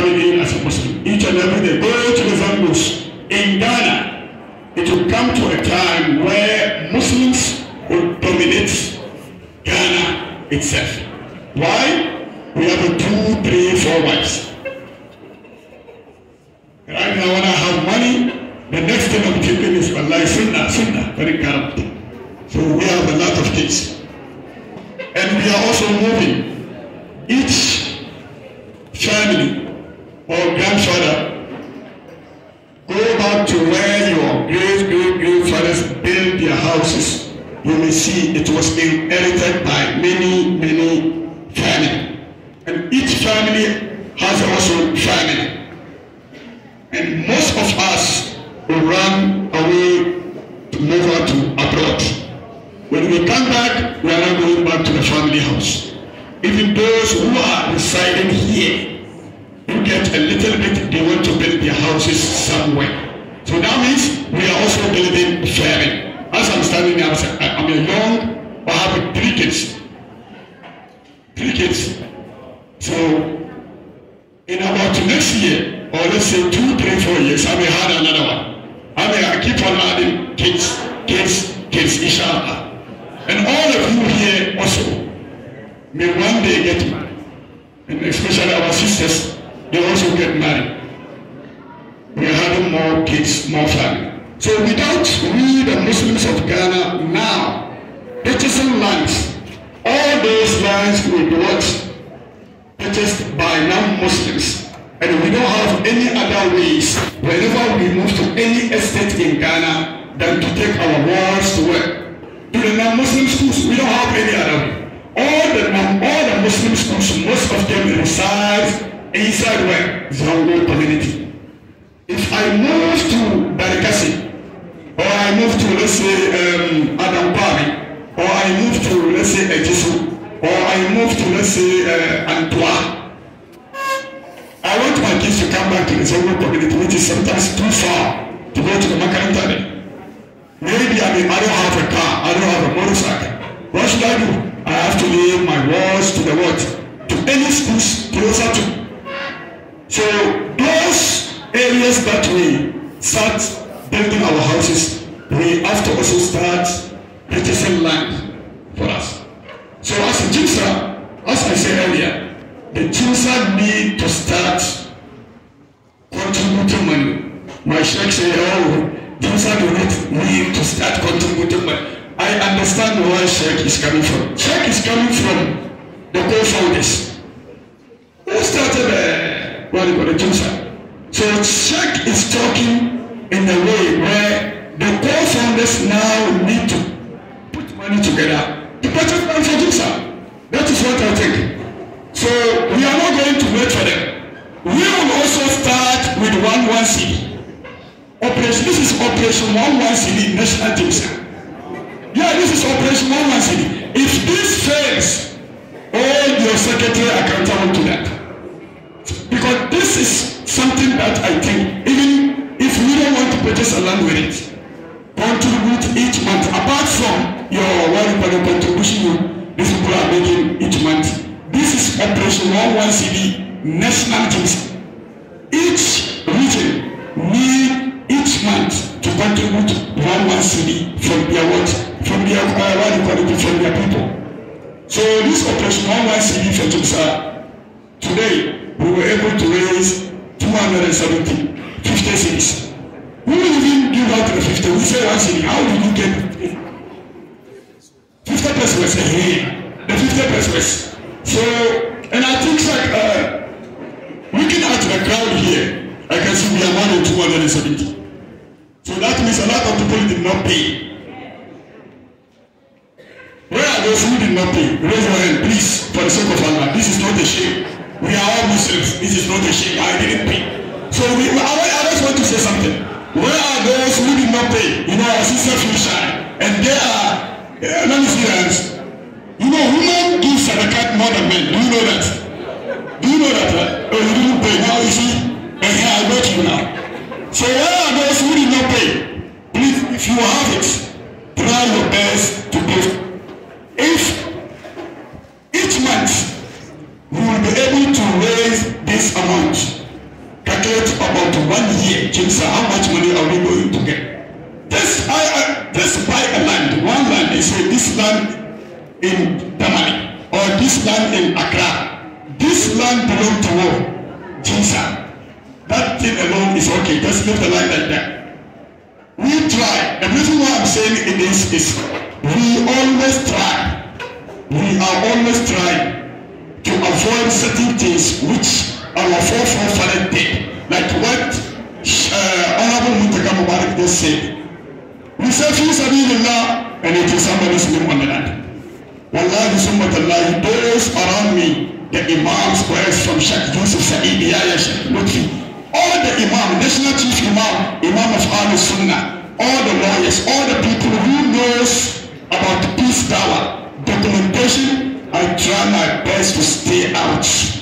family as a Muslim. Each and every day, go to the Zambus. In Ghana, it will come to a time where Muslims will dominate Ghana itself. Why? We have a two, three, four wives. Right now, when I have money, the next thing I'm keeping is my life, sunnah, sunnah, very corrupt. So we have a lot of kids. And we are also moving. Each grandfather, go back to where your great great grandfathers built their houses. You may see it was inherited by many, many families. And each family has also family. And most of us will run away to move on to abroad. When we come back, we are not going back to the family house. Even those who are residing here get a little bit, they want to build their houses somewhere. So that means we are also building sharing. As I'm standing here, I'm a young, I have three kids. Three kids. So, in about next year, or let's say two, three, four years, I may have another one. I may I keep on adding kids, kids, kids, inshallah. And all of you here also may one day get married. And especially our sisters, they also get married. We are having more kids, more family. So without we, the Muslims of Ghana, now purchasing lands, all those lands will be what? Purchased by non-Muslims. And we don't have any other ways whenever we move to any estate in Ghana than to take our wards to work. To the non-Muslim schools, we don't have any other way. All the, all the Muslim schools, most of them reside inside where Zango community. If I move to Barikasi, or I move to let's say um, Adampari, or I move to let's say Ejisu, or I move to let's say uh, Antoa, I want my kids to come back to the Zango community, which is sometimes too far to go to the Makarantane. Maybe I mean I don't have a car, I don't have a motorcycle. What should I do? I have to leave my walls to the what? To any schools closer to So those areas that we start building our houses, we have to also start purchasing land for us. So as a Jimsa, as I said earlier, the Jimsa need to start contributing money. My sheikh said, oh, Jimsa do not need to start contributing money. I understand where Sheikh is coming from. Sheikh is coming from the co-founders. Who started uh, what do you teacher. So Sheikh is talking in a way where the poor founders now need to put money together to purchase land for Jinsa. That is what I think. So we are not going to wait for them. We will also start with one one CD. Operation. This is Operation One One CD National Jinsa. Yeah, this is Operation One One CD. If this fails, all your secretary accountable to them. 19, even if you don't want to purchase a land with it, contribute each month. Apart from your what you call contribution you, these people are making each month. This is Operation One One CD national teams. Each region need each month to contribute one one CD from their what from their uh, what you call from their people. So this Operation One One CD for today we were able to raise 170, 50 cities. Who even give out the 50? Who say one city? How did you get 50? 50 plus was The 50 plus So, and I think like, uh, looking at the crowd here, I can see we are one or 270. So that means a lot of people did not pay. Where are those who did not pay? Raise your hand, please, for the sake of Allah. This is not a shame. We are all Muslims. This is not a shame. I didn't pay. So we, I, I just want to say something. Where are those who did not pay? You know, our sisters will shine. And they are, uh, let me see that. You know, women do sadakat more than men. Do you know that? Do you know that? Right? Oh, you didn't pay. Now you see, and here I got you now. So where are those who did not pay? Please, if you have it, try your best only going to get. This, I, I, this buy a land, one land, they say this land in Damani or this land in Accra. This land belongs to who? Jesus. That thing alone is okay. Just leave the land like that. We try. The reason why I'm saying it is, is we always try. We are always trying to avoid certain things which our forefathers did. Like what Honorable eh, Muntaka Mubarak just said, we say fi sabilillah and it is somebody Muslim on the land. Wallahi summa tallahi, those around me, the imams, prayers from Sheikh Yusuf Sa'id, Yahya Sheikh Lutfi, all the imam, national chief imam, imam of Ahl Sunnah, all the lawyers, all the people who knows about peace power, documentation, I try my best to stay out.